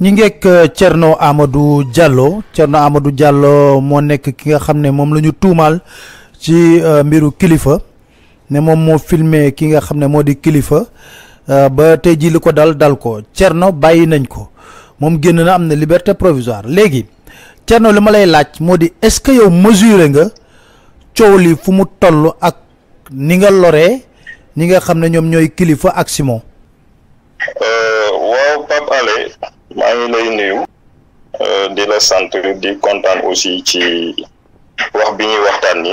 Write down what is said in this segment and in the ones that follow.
ñi ngeek euh, Thierno Amadou Diallo Thierno Amadou jàlloo moo nekk ki nga xam ne moom la ñu tuumaal ci euh, mbiru kilifa ne moom moo filmé ki nga xam ne moo di kilifa euh, ba tey jii li ko dal dal ko Thierno bàyyi nañ ko moom génn na am na liberté provisoire léegi Thierno li ma lay laaj moo di est-ce que yow mesuré nga coow li fu mu toll ak ni nga loree ñi nga xam ne ñoom ñooy kilifa ak Simon. waaw Pape Alé maa lay nuyu euh, di la sant di kontaan aussi ci wax bi ñuy waxtaan ni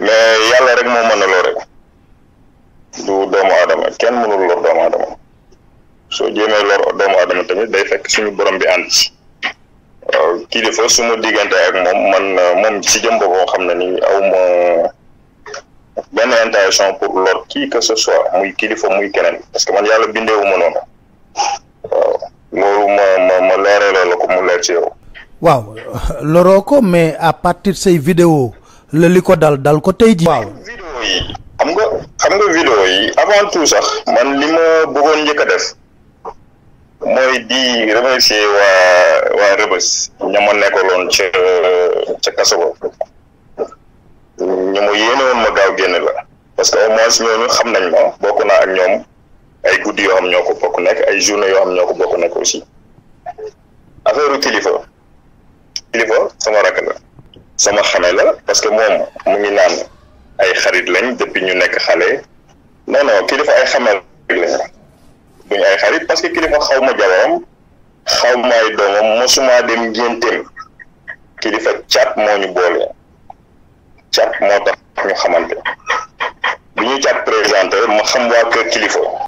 mais yàlla rek moo mën a rek du doomu aadama kenn mënul lor doomu aadama soo jéemee lor doomu aadama tamit day fekk suñu borom bi ànd ci euh, kilifa suma diggante ak moom man moom ci jëm boo xam ne ni aw ma benn intention pour lor kii que ce soit muy kilifa muy keneen parce que man yàlla bindeewu ma noonu loolu ma ma ma leeralal la ko mu leer si yow. waaw loroo ko mais à partir say vidéo la li ko dal dal ko tey ji waaw vidéo yi xam nga xam nga vidéo yi avant tout sax man li ma bëggoon njëkk a def mooy di remercier waa waa Rebeuss ña ma nekkaloon ca ca kaso ba ñu ma gaaw génn la parce que au moins ñooñu xam nañ ma bokk naa ak ñoom ay guddi yoo xam ñoo ko bokk nekk ay journée yoo xam ñoo ko bokk nekk aussi affaire kilifa kilifa sama rakk la sama xame la parce que moom mu ngi naan ay xarit lañ depuis ñu nekk xale non non kilifa ay xame lañ la ay xarit parce que kilifa xaw ma jabaram xaw ma ay doomam mosuma dem ngénteem kilifa cat moo ñu boole cat moo tax ñu xamante bi ñu cat présenté xam waa kër kilifa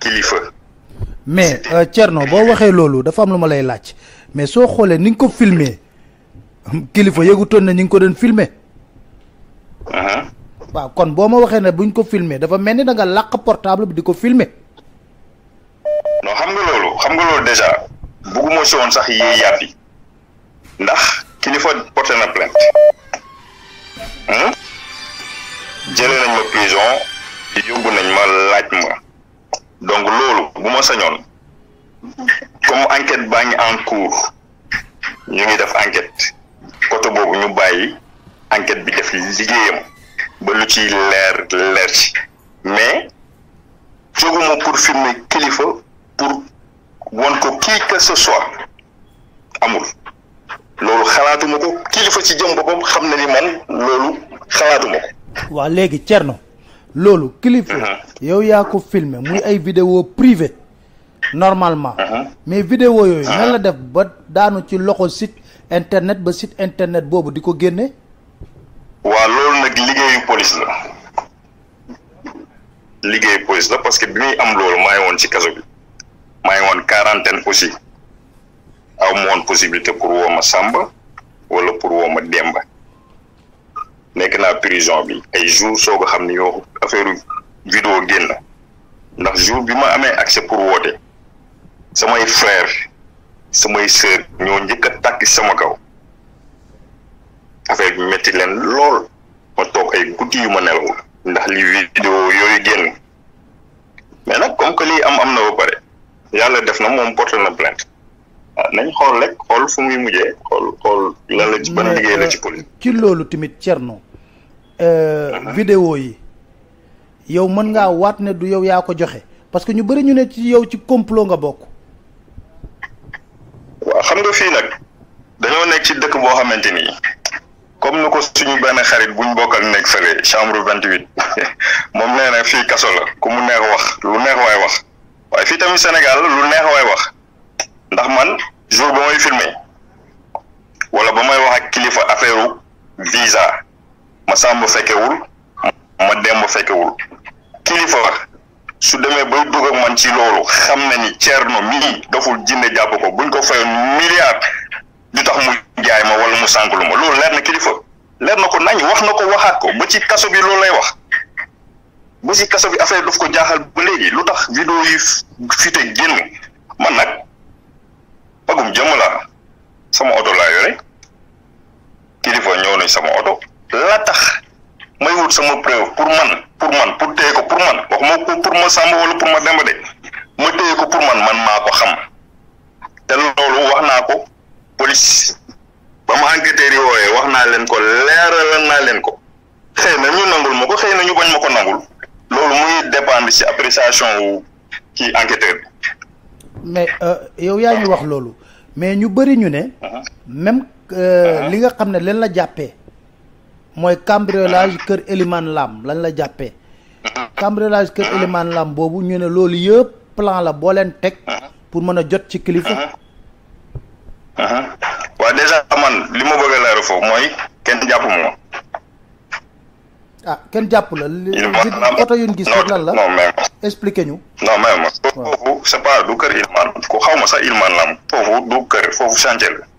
kilifa. mais euh, Thierno boo waxee loolu dafa am lu ma lay laaj mais soo xoolee ni nga ko filmé kilifa yëgutoon na ñi nga ko doon filmé. waaw kon boo ma waxee ne buñ ko filmé dafa mel ni da nga làq portable bi di ko filmé. non xam nga loolu xam nga loolu déjà bugguma si woon sax yee yàbbi ndax kilifa porté na plainte hmm? jëlee nañ ma prison yóbbu nañ ma laaj ma. donc loolu bu ma sañoon comme enquête baa ngi en cours ñu ngi def enquête côté boobu ñu bàyyi enquête bi def liggéeyam ba lu ciy leer leer ci mais jóguma pour filmer kilifa pour won ko kii que ce soit amul loolu xalaatuma ko kilifa ci jëm boppam xam na ni man loolu xalaatuma ko. waa léegi Thierno. lolu clip uh-huh. yow ya ko filmé muy ay vidéo privé normalement uh-huh. mais vidéo yoy uh-huh. nan la def ba daanu ci loxo site internet ba site internet bobu diko ko wa lolu nak nag police la liggéey police la parce que bi muy am lolu may won ci kaso bi may won quarantaine aussi aw ma possibilité pour ma wala pour demba nekk naa prison bi ay jour soo ko xam ne yoo affaire yu vidéo génn ndax jour bi ma amee accès pour woote samay frère samay sœur ñoo njëkk a tàkki sama kaw affaire bi métti leen lool ma toog ay guddi yu ma nelawul ndax li vidéo yooyu génn mais nag comme que lii am am na ba pare yàlla def na moom porté na plainte ah, nañ xool rek xool fu muy mujjee xool xool lan la ci ban liggéey la euh, ci police. ci loolu tamit noo Euh, vidéo yi yow mën ngaa waat ne du yow yaa ko joxe parce que ñu bëri ñu ne ci yow ci complot nga bokk. waa xam nga fii nag dañoo nekk ci dëkk boo xamante ni comme nu ko suñu benn xarit buñ bokkal nekk fële chambre vingt huit moom nee na fii kaso la ku mu neex wax lu neex waay wax waaye fii tamit Sénégal lu neex waay wax ndax man jour ba may filmé wala ba mooy wax ak kilifa affaire visa. ma sàmb fekkewul ma demb fekkewul kilifa su demee ba dugg ak man ci loolu xam na ni Thierno mii doful jinne jàpp ko buñ ko fayoon milliard du tax mu jaay ma wala mu sànk lu ma loolu leer na kilifa leer na ko nañ wax na ko waxaat ko ba ci kaso bi loolu lay wax ba ci kaso bi affaire dof ko jaaxal ba léegi lu tax vidéo yi fite génn man nag wut sama preuve pour man pour man pour téye ko pour man waxuma ko pour ma sama wala pour ma demba de ma téye ko pour man man mako xam té lolu wax naa ko police ba ma enquêteur yi wooyee wax naa ko leeralal na len ko ñu nangul ma ko na ñu bañ ma nangul lolu muy dépendre ci appréciation ci enquêteur mais euh, yow yaa ñu wax loolu mais ñu bari ñu ne même euh, li nga xam ne la jàppee mooy cambriolage kër Eliman Lam lañ la jàppee cambriolage kër Eliman Lam boobu ñu ne loolu yëpp plan la boo leen teg pour mën a jot ci kilifa waaw déjà man li ma bëgg la leeral mooy kenn jàpp moom ah kenn jàpp la li oto yu ñu gis rek la non ñu non ma foofu c'est pas du kër Eliman ku xaw ma sax Eliman Lam foofu du kër foofu chantier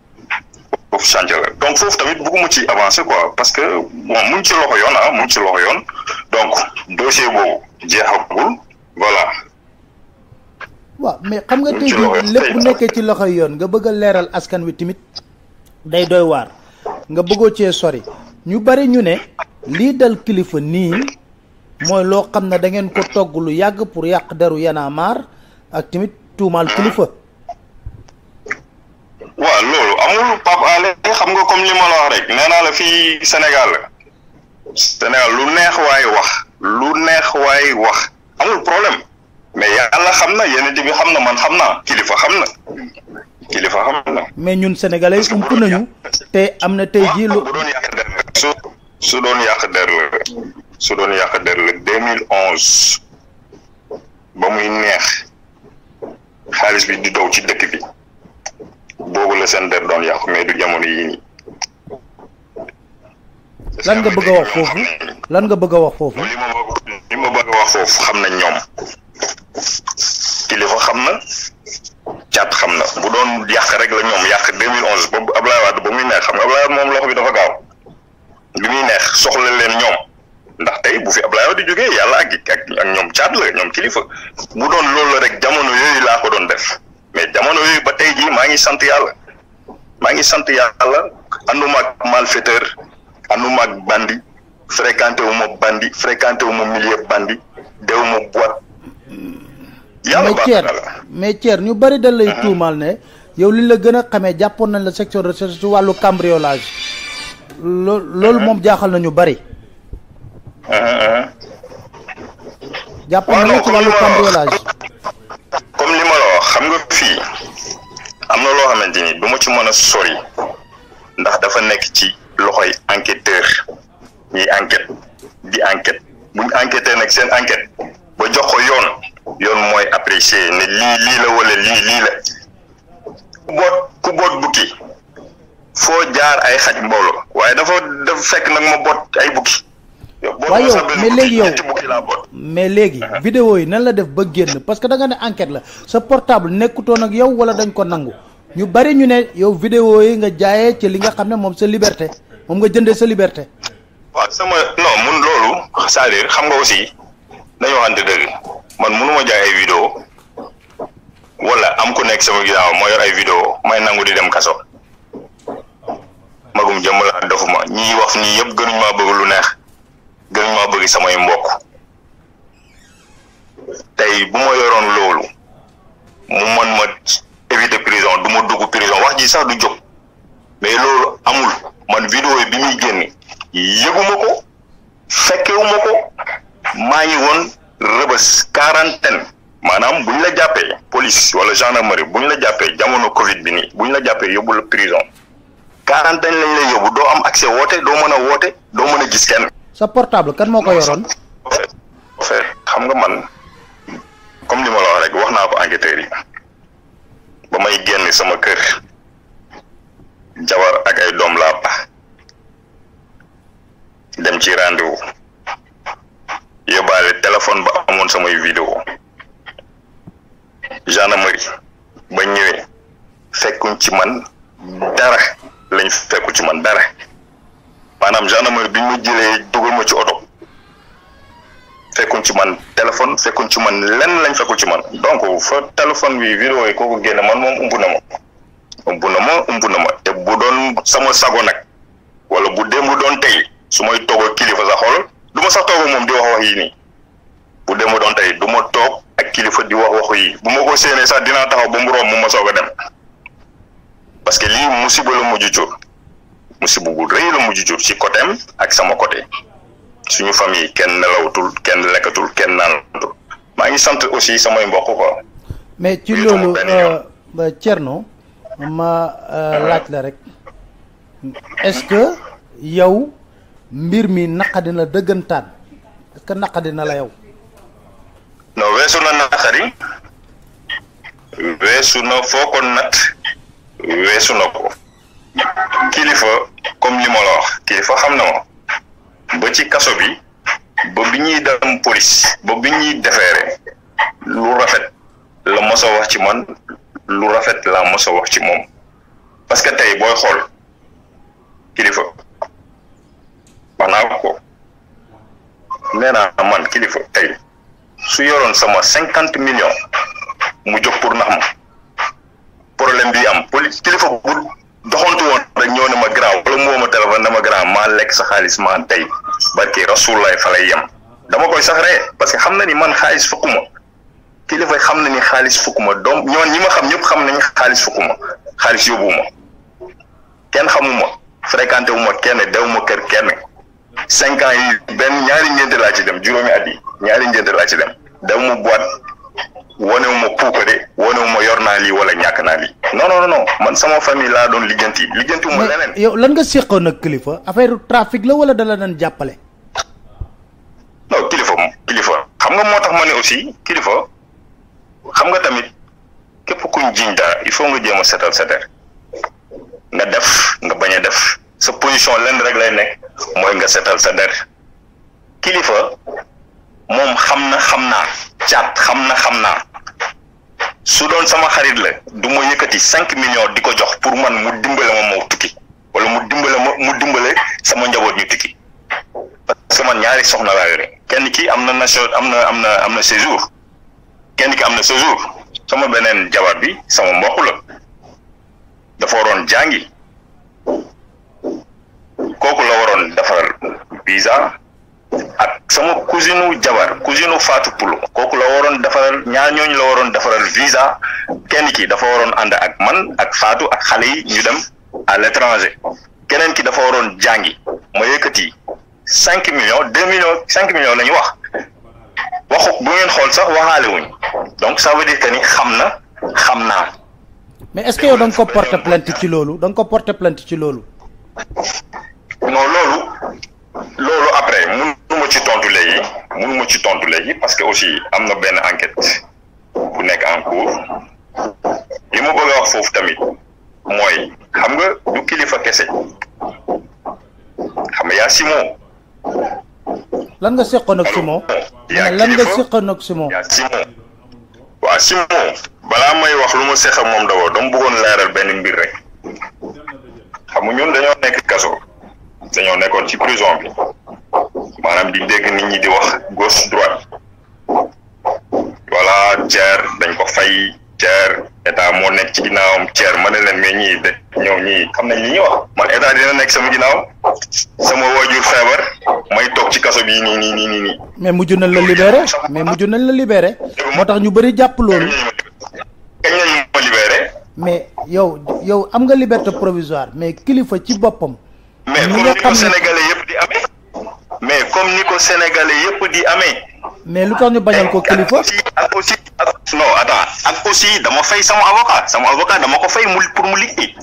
foofu chantier la donc foofu tamit beaucoup ci avancer quoi parce que bon mu ngi ci loxo yoon ah mu ngi ci loxo yoon donc dossier boobu jeexagul voilà. waaw mais xam nga tey jii lépp bu nekkee ci loxo yoon nga bëgg a leeral askan wi tamit day doy waar nga bëggoo cee sori ñu bari ñu ne lii dal kilifa nii mooy loo xam ne da ngeen ko togg lu yàgg pour yàq deru yanaa maar ak tamit tuumaal kilifa. xam nga Pape xam nga comme li ma la wax rek nee la fii Sénégal Sénégal lu neex waay wax lu neex wax amul problème mais yàlla xam na yeneen bi xam na man xam naa kilifa xam na kilifa xam na. mais ñun sénégalais ump nañu te am na tey jii lu. su su doon yàq der la su doon yàq der la 2011 ba muy neex xaalis bi di daw ci dëkk bi. boobu la seen der doon yàqu mais du jamono yii nii. lan nga bëgg a wax foofu lan nga bëgg a wax foofu. li ma li ma bëgg a wax foofu xam na ñoom kilifa xam na caat xam na bu doon yàq rek la ñoom yàq 2011 boobu Ablaye Wade ba muy neex xam nga Ablaye Wade moom loxo bi dafa gaaw bi muy neex soxla leen ñoom ndax tey bu fi Ablaye di jógee yàlla ak ñoom caat la ñoom kilifa bu doon loolu rek jamono yooyu laa ko doon def. mais jamono yooyu ba tay ji ma ngi sante yalla ma ngi sante yalla andu mak malfaiteur andu mak bandi fréquenté wu mo bandi fréquenté wu mo milieu bandi dew mo boîte yalla ba na mais tier ñu bari dañ lay mhm. tuumal ne yow li la gëna xamé jappon nañ la section recherche ci walu cambriolage loolu mom mhm. jaaxal nañu bari mhm. jappon nañ ci walu cambriolage comme ni ma la xam nga fii am na loo xamante ni du ci mën a sori ndax dafa nekk ci loxoy enquêteur ñuy enquête di enquête buñ enquêté nag seen enquête ba jox ko yoon yoon mooy apprécier ne lii lii la wala lii lii la ku boot ku boot bukki foo jaar ay xaj mbooloo waaye dafa dafa fekk nag ma boot ay bukki waaye mais léegi yow mais léegi vidéo yi nan la def ba génn parce que da nga ne enquête la sa portable nekkutoon ak yow wala dañ ko nangu ñu bari ñu ne yow vidéo yi nga jaaye ci li nga xam ne moom sa liberté moom nga jëndee sa liberté waaw sama non mun loolu cest à xam nga aussi nañu waxante dëgg man mënuma jaay ay vidéo wala am ku nekk sama ginnaaw ma yor ay vidéo may nangu di dem kaso magum jëmm laa dofuma ñi wax nii yëpp gënuñ maa bëgg lu neex gën maa bëgg samay mbokk tey bu ma yoroon loolu mu mën ma éviter prison du ma dugg prison wax ji sax du jóg mais loolu amul man vidéo bi muy génn yëguma ko fekkewuma ko maa ngi woon rëbës quarantaine maanaam buñ la jàppee police wala gendarmerie buñ la jàppee jamono Covid bi nii buñ la jàppee yóbbu la prison quarantaine lañ lay yóbbu doo am accès woote doo mën a woote doo mën a gis kenn. sa portable kan moo ko yoroon. en fait xam nga man comme li ma la wax rek wax naa ko enquêteurs yi ba may génn sama kër jawar ak ay doom laa ba dem ci rendez-vous yóbbaale téléphone ba amoon samay vidéo gendarmerie ba ñëwee fekkuñ ci man dara lañ fekku ci man dara maanaam gendarmerie bi ñu jëlee. ma ci auto fekkun ci man téléphone fekkun ci man lenn lañ fekkul ci man donc fa téléphone bi vidéo yi koku génne man mom umbu na ma umbu na ma umbu na ma te bu doon sama sago nak wala bu démb doon tay sumay togo kilifa sa xol duma sax togo mom di wax wax yi ni bu démb doon tay duma tok ak kilifa di wax wax yi bu mako séné séenee sax dinaa taxaw bu mu rom mu ma soog dem parce que li musibe la mujju jur musibe bu reey la mujju jur ci côté ak sama côté suñu famille kenn nelawatul kenn lekkatul kenn naanatul maa ngi sant aussi samay mbokk quoi. mais ci loolu euh, euh, Thierno ma euh, laaj la rek est que yow mbir mi naqadi na dëggantaan est naqadi na la yow. non weesu na naqari weesu na foo ko nat weesu na ko kilifa comme li ma la wax kilifa xam na ma. ba ci kaso bi ba bi ñuy dem police bi ñuy defeere lu rafet la mos wax ci man lu rafet la mos wax ci moom parce que tey booy xool kilifa wax naa ko nee naa man kilifa tey su yoroon sama cinquante millions mu jóg pour nax ma problème bi am poli kilifa bu doxantu woon rek ñëw ne ma grand wala mu woo ma téléphone ne ma grand maa lekk sa xaalis maa tey barke rasulullaay fa lay yem dama koy sax ree parce que xam na ni man xaalis fukkuma kilifa xam na ni xaalis fukkuma doom ñoon ñi ma xam ñëpp xam nañu xaalis fukkuma xaalis yóbbuwuma kenn xamuma fréquenté wuma kenn dewuma kër kenn cinq ans yi benn ñaari njënd laa ci dem juróomi at yi ñaari njënd laa ci dem dewuma boîte wanewuma puukare wanewuma yor naa lii wala ñàkk naa lii non non non man sama famille laa doon lijjanti lijjantiwuma leneen. yow lan nga séqoon ak kilifa affaire trafic la wala dala doon jàppale. non kilifa kilifa xam nga moo tax ma ne aussi kilifa xam nga tamit képp kuñ jiñ dara il faut nga jéem a setal setal nga def nga bañ a def sa position lenn rek lay nekk mooy nga setal sa der kilifa moom xam na xam naa. caat xam na xam naa su doon sama xarit la du ma yëkkati cinq million di ko jox pour man mu dimbale ma moo tukki wala mu dimbale ma mu dimbale sama njaboot ñu tukki parce que man ñaari soxna laa yore kenn ki am na nation am na am na am na séjour kenn ki am na séjour sama beneen jabar bi sama mbokk la dafa waroon jàngi kooku la waroon defaral visa ak sama cousine wu jabar cousine wu Fatou Poulo kooku la waroon defaral ñaar ñooñu la waroon defaral visa kenn ki dafa waroon ànd ak man ak Fatou ak xale yi ñu dem à l'étranger keneen ki dafa waroon jàngi ma yëkkati cinq millions deux millions cinq millions la wax waxu bu ngeen xool sax waxaale wuñ donc ça veut dire que ni xam na xam naa. mais est-ce que yow da ko porter plainte ci loolu da ko porter plainte ci loolu. non loolu loolu après mënuma ci tontu léegi mënuma ci tontu léegi parce que aussi am na benn enquête bu nekk en cours li ma bëgg a wax foofu tamit mooy xam nga du kilifa kese xam nga yaa Simon. lan nga seqoon ak Simon lan nga yaa Simon balaa may wax lu ma seq ak moom d'abord dama bëggoon leeral benn mbir rek xam nga ñun dañoo nekk kaso dañoo nekkoon ci prison bi. maanaam di dégg nit ñi di wax gauche droite voilà Thier dañ ko fay Thier état moo nekk ci ginnaawam cer ma ne leen mais ñii de ñëw ñii xam nañ li ñuy wax man état dina nekk sama ginnaaw sama waajur feebar may toog ci kaso bi nii nii nii nii. mais mujj nañ la libéré mais mujj nañ la libéré moo tax ñu bëri jàpp loolu. kañ lañ ma libéré. mais yow yow am nga liberté provisoire mais kilifa ci boppam. mais sénégalais yëpp di ame mais lu tax ñu bañal ko kilifa. ak aussi ak aussi non dama fay sama avocat sama avocat dama ko fay mu pour mu liggéey.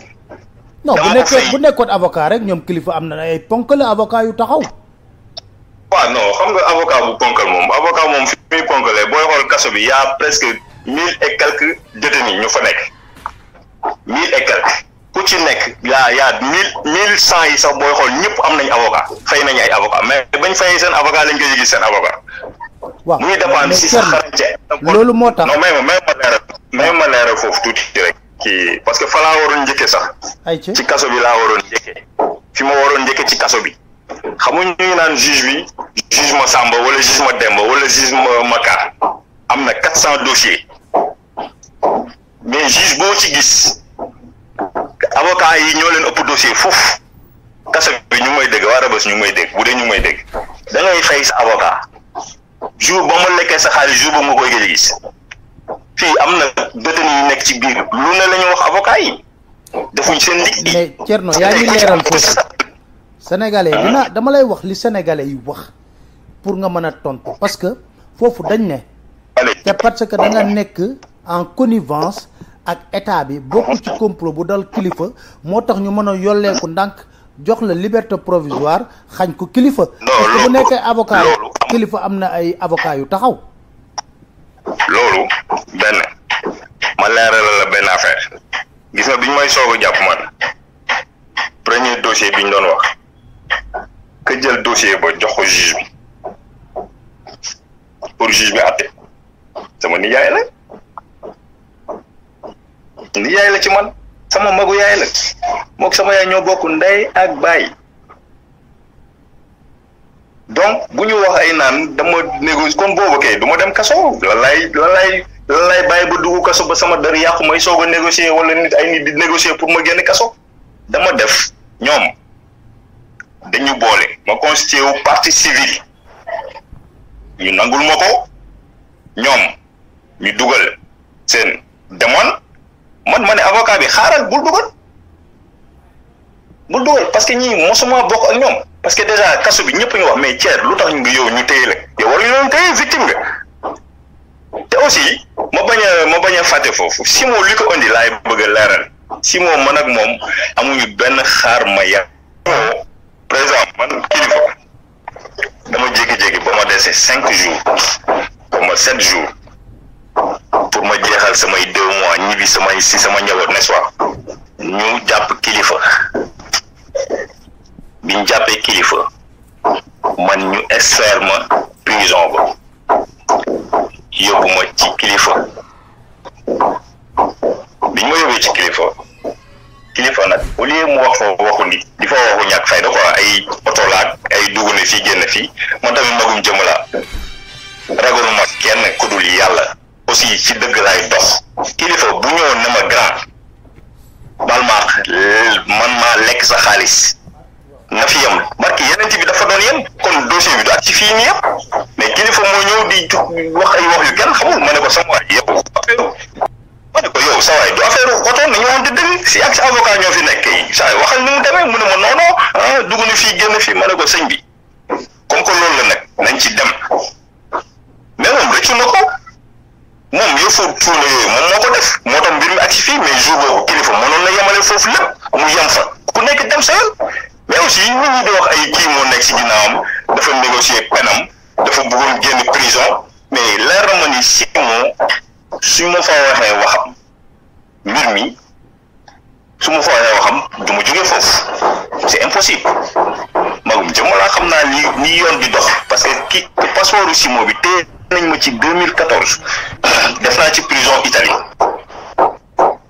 non bu nekkee bu nekkoon avocat rek ñoom kilifa am na ay ponk avocat yu taxaw. waaw xam nga avocat bu ponkal moom avocat moom fi muy ponkalee booy xool kaso bi y' a presque mille et quelques détenus ñu fa nekk mille et ku ci nekk yaa yaa am nañ nañ ay avocat mais bañ fayee seen avocat lañ koy yëgi seen avocat. waaw muy dépendre loolu moo tax non may ma leeral may ma leeral rek. parce que fa laa waroon njëkke sax. ci kaso bi laa waroon njëkke fi ma waroon njëkke ci kaso bi. xamuñ ñu ngi naan juge bi juge ma Samba wala juge ma Demba wala juge ma Maka am na quatre cent dossiers mais juge boo ci gis. avocats yi ñoo leen ëpp dossier foofu kaso bi ñu ngi may dégg waa Rebeuss ñu may dégg bu dee ñu may dégg da ngay sa avocat jour ba ma lekkee sa xaalis jour ba nga koy gëj gis fii am na détenu yi nekk ci biir lu ne la wax avocat yi defuñ seen liggéey. mais Thierno yaa ngi leeral foofu sénégalais ah. dama lay wax li sénégalais yi wax pour nga mën a tontu parce que foofu dañ ne. c'est parce que da nekk en connivence ak état bi bokkul ci complot bu dal kilifa moo tax ñu mën a yolleeku ndànk jox la liberté provisoire xañ ko kilifa. parce que bu nekkee avocat kilifa am na ay avocat yu taxaw. loolu benn ma leeralal la benn affaire gis nga biñ may soog jàpp man premier dossier biñ doon wax ka jël dossier ba jox ko juge bi pour juge bi àtte sama nijaay la. li yaay la ci man sama magu yaay la mook sama yaay ñoo bokk ndey ak baay donc bu ñu wax ay naan dama négocie kon boobu kay du ma dem kaso lan laay lan laay bàyyi ba dugg kaso ba sama dër yàqu may soog a négocier wala nit ay nit di négocier pour ma génn kaso dama def ñoom dañu boole ma constitué parti partie civile ñu nangul ma ko ñoom ñu dugal seen demoon man mané avocat bi xaaral bul dugal bul dugal parce que ñi mosuma bok ak ñom parce que déjà kasso bi ñepp ñu wax mais Thier lutax ñu yow ñu téyel la yow war ñu téye victime nga té aussi mo baña mo baña faté fofu fàtte foofu Simon li ko indi laay bëgg léral leeral Simon man ak moom amuñu ben xaar ma ya par exemple man kilifa dama jékki-jékki ba ma dese jours ba ma jours pour ma jeexal samay deux mois ñibbi samay si sama njaboot n'est-ce ñu jàpp kilifa biñ jàppee kilifa man ñu extraire ma prison ba yóbbu ci kilifa biñ ma yóbbee ci kilifa kilifa nag au mu wax fa di fa waxu ñàkk fayda quoi ay oto ay dugg na fii génn fii man tamit magum jëmm laa ragaluma kenn ku yàlla. aussi ci dëgg laay dox kilifa bu ñëwoon na ma grand bal ma man maa lekk sa xaalis na fi yem barki yeneen bi dafa doon yem kon dossier bi du ak ci fii nii yëpp mais kilifa moo ñëw di wax ay wax yu kenn xamul ma ne ko sama waay yow affaire ma ne ko yow sa waay du affaire oto nañu waxante dëgg si ak si avocat ñoo fi nekk yi saa waxal ni mu demee mu ne ma non non ah dugg na fii génn fii ma ne ko sëñ bi comme que loolu la nag nañ ci dem mais moom rëccu na ko. moom yëfu cuune yooyu moom moo ko def moo tax mbir mi ak si fii mais jour boobu kilifa mënoon la yamale foofu lépp mu yem fa ku nekk dem sa yoon mais aussi nit ñi di wax ay kii moo nekk si ginnaawam dafa négocier penam dafa bëggoon génn prison mais leer na ma ni si moo su ma fa waxee waxam mbir mi su ma fa waxee waxam du ma jógee foofu c'est impossible magum jëmm laa xam naa ni ni yoon bi dox parce que ki passeport si moo bi tee nañ ma ci 2014 def naa ci prison Italie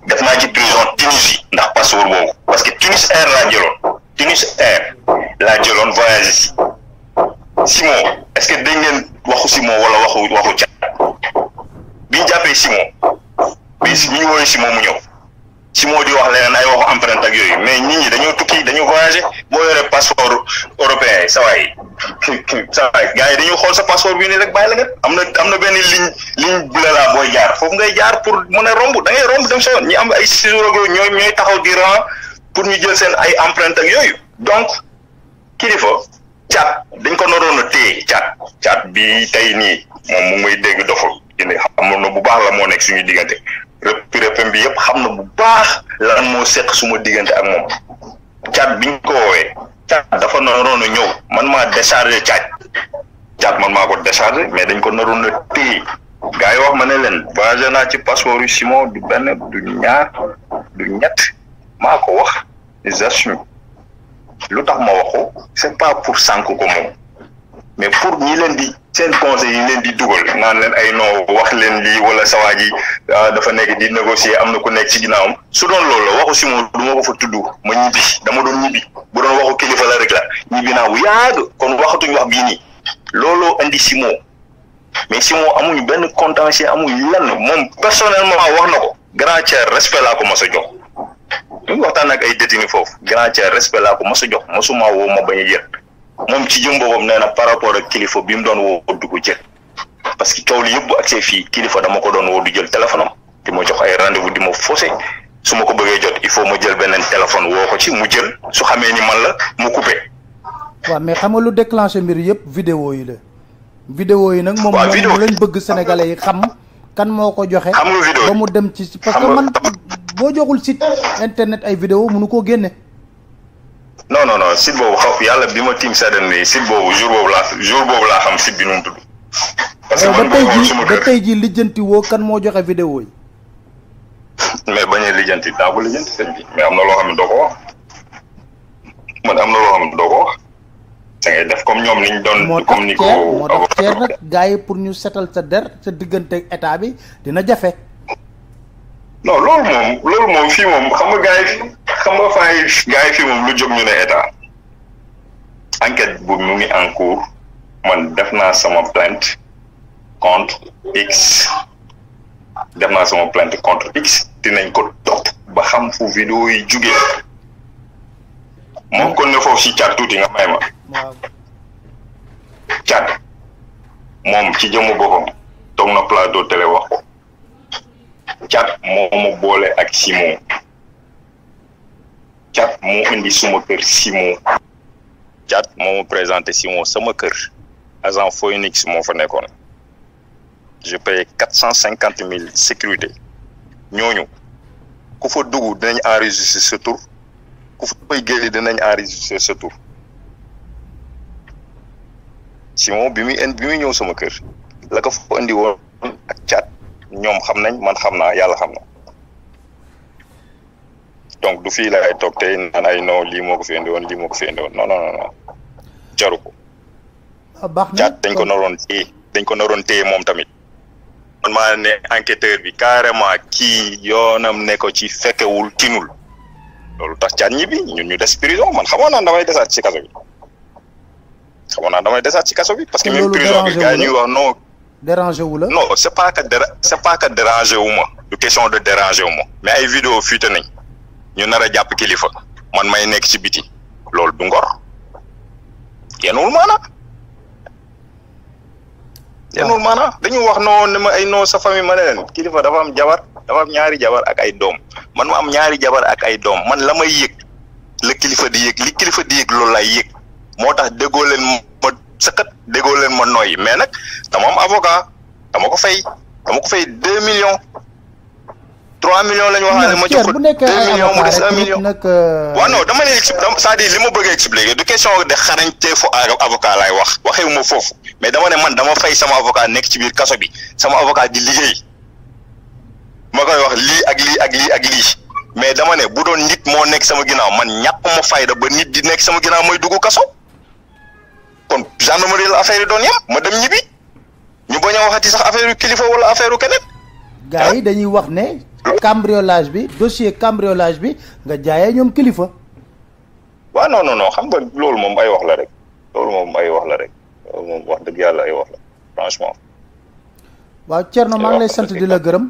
def naa ci prison Tunisie ndax passeport boobu parce que Tunis Air laa jëloon Tunis Air laa jëloon voyage si Simon est-ce que dañ leen waxu Simon wala waxu waxu ca bi ñu jàppee simo bi ñu woowee Simon mu ñëw si moo di wax leneen ay waxu empreinte ak yooyu mais nit ñi dañoo tukki dañu voyagé boo yoree passeport européen yi saa yi saa yi gars yi dañoo xool sa passeport bi nii rek bàyyi la nga am na am na benn ligne ligne bu booy jaar foofu ngay jaar pour mën a romb da ngay romb dem sa yoon ñi am ay ciseaux ñooy ñooy taxaw di rang pour ñu jël seen ay empreinte ak yooyu donc kilifa caat dañ ko naroon a téye caat caat bi tey nii moom mu muy dégg doxul. xam na bu baax la moo nekk suñu diggante. problème bi yëpp xam na bu baax lan moo seq suma diggante ak moom caat biñ ko woowee caat dafa naroon a ñëw man maa déchargé caat caat man maa ko déchargé mais dañ ko naroon a téye gars yi wax ma ne leen voyagé naa ci passeport yu Simon du benn du ñaar du ñett maa ko wax j'assume lu tax ma wax ko c'est pas pour sànk ko moom mais pour ñi di sen conseil yi len di dugal nan len ay no wax len li wala sawaji ah, dafa nek di négocier amna na ku nekk ci ginaawum su don lolo waxu simo du ma ko fa tuddu ma ñibi dama don ñibi bu don waxu kilifa la rek la ñibbi naa wu yaag kon ñu wax bi ni lolo andi simo mais Simon amuñ benn contentieux amuñ lan mom personnellement wax nako grand cher respect la ko ma sa jox ñu waxtan ak ay détenu fofu grand cher respect la ko ma sa jox suma wo ma baña yett moom ci jëm boppam nee na par rapport ak kilifa bi mu doon woo du ko jël parce que coow li yëpp bu agsee fii kilifa dama ko doon woo du jël téléphone am di ma jox ay rendez-vous di ma faussé su ma ko bëggee jot il faut ma jël beneen téléphone woo ko ci mu jël su xamee ni man la mu coupé. waaw mais xam nga lu déclenché mbir yëpp vidéo yi la. vidéo yi nag moom moom lañ bëgg sénégalais yi xam kan moo ko joxe. ba mu dem ci parce que man boo joxul site internet ay vidéo mënu koo génne. non non non site boobu xaw yàlla bi ma tiim seetal nii site boobu jour boobu laa jour boobu laa xam site bi nu mu tudd. parce que eh, man boo xool suma kër ba tey jii lijjanti woo kan moo joxe vidéo yi. mais bañ a lijjanti daa ko lijjanti sëñ bi mais am na loo xam ne doo ko wax man am na loo xam ne doo ko wax. da def comme ñoom niñ doon. comme ni ko moo tax teer nag gars pour ñu setal sa der sa diggante état bi dina jafe. no loolu moom loolu moom fii moom xam nga gars xam faay gars yi fii moom lu jóg ñu ne état enquête bu mu ngi en cours man def naa sama plainte contre x def naa sama plainte contre x nañ ko topp ba xam fu vidéo yi jugee moom kon ne foofu si cat tuuti nga may ma cat moom ci jëmu boppam toog na plateau télé wax ko cat moomu boole ak Simon cat moo indi suma kër Simon cat moo ma présenté Simon sama kër agent Phoenix moo fa nekkoon je paye quatre cent sécurité ñooñu ku fa dugg dinañ enregistrer ce tour ku fa fay gëli dinañ enregistrer sa tur Simon bi muy bi muy ñëw sama kër la ko fa indi woon ak cat ñoom xam nañ man xam naa yàlla xam na donc du fii laay toog tey naan ay non lii moo ko fi indi woon lii moo ko fi indi woon non non non jaru ko. Ah, baax na dañ ko naroon téye dañ ko naroon téye moom tamit. man maa ne enquêteur bi carrément kii yoonam ne ko ci fekkewul tinul loolu tax caat ñi ñun ñu des prison man xamoon naa damay desaat ci kaso bi xamoon naa damay ci kaso bi parce que même prison bi gars yi ñuy wax non dérangé wu la non c'est pas que déra c'est pas ma du question de dérangé wu ma mais ay vidéo fuite nañ ñu nar a jàpp kilifa man may nekk ci biti loolu du ngor yenul maana yenul maana dañu wax noo ne ma ay noo sa famille ma ne leen kilifa dafa am jabar dafa am ñaari jabar ak ay doom man ma am ñaari jabar ak ay doom man la may yëg la kilifa di yëg li kilifa di yëg loolu lay yëg moo tax déggoo leen ma sëqat déggoo leen ma nooyi mais nag dama am avocat dama ko fay dama ko fay deux millions 3 millions la ma jox ko 2 millions mu des 1 million. Euh, dama ne c'est-à-dire li ma bëggee a expliquer du question de xarañte fu avocat laay wax waxewu ma foofu mais dama ne man dama fay sama avocat nekk ci biir kaso bi sama avocat di liggéey ma koy wax lii ak lii ak lii ak lii mais dama ne bu doon nit moo nekk sama ginaaw man ñàkk ma fayda ba nit di nekk sama ginnaaw mooy dugg kaso kon gendarmerie la affaire yi doon yem ma dem ñibbi ñu bañ a waxati sax affaire yu kilifa wala affaire yu keneen. gars dañuy wax ne. cambriolage bi dossier cambriolage bi nga jaayee ñoom kilifa. waaw non non non xam nga loolu moom ay wax la rek loolu moom ay wax la rek loolu moom wax dëgg yàlla ay wax la franchement. waaw Thierno maa ngi lay sant di la gërëm.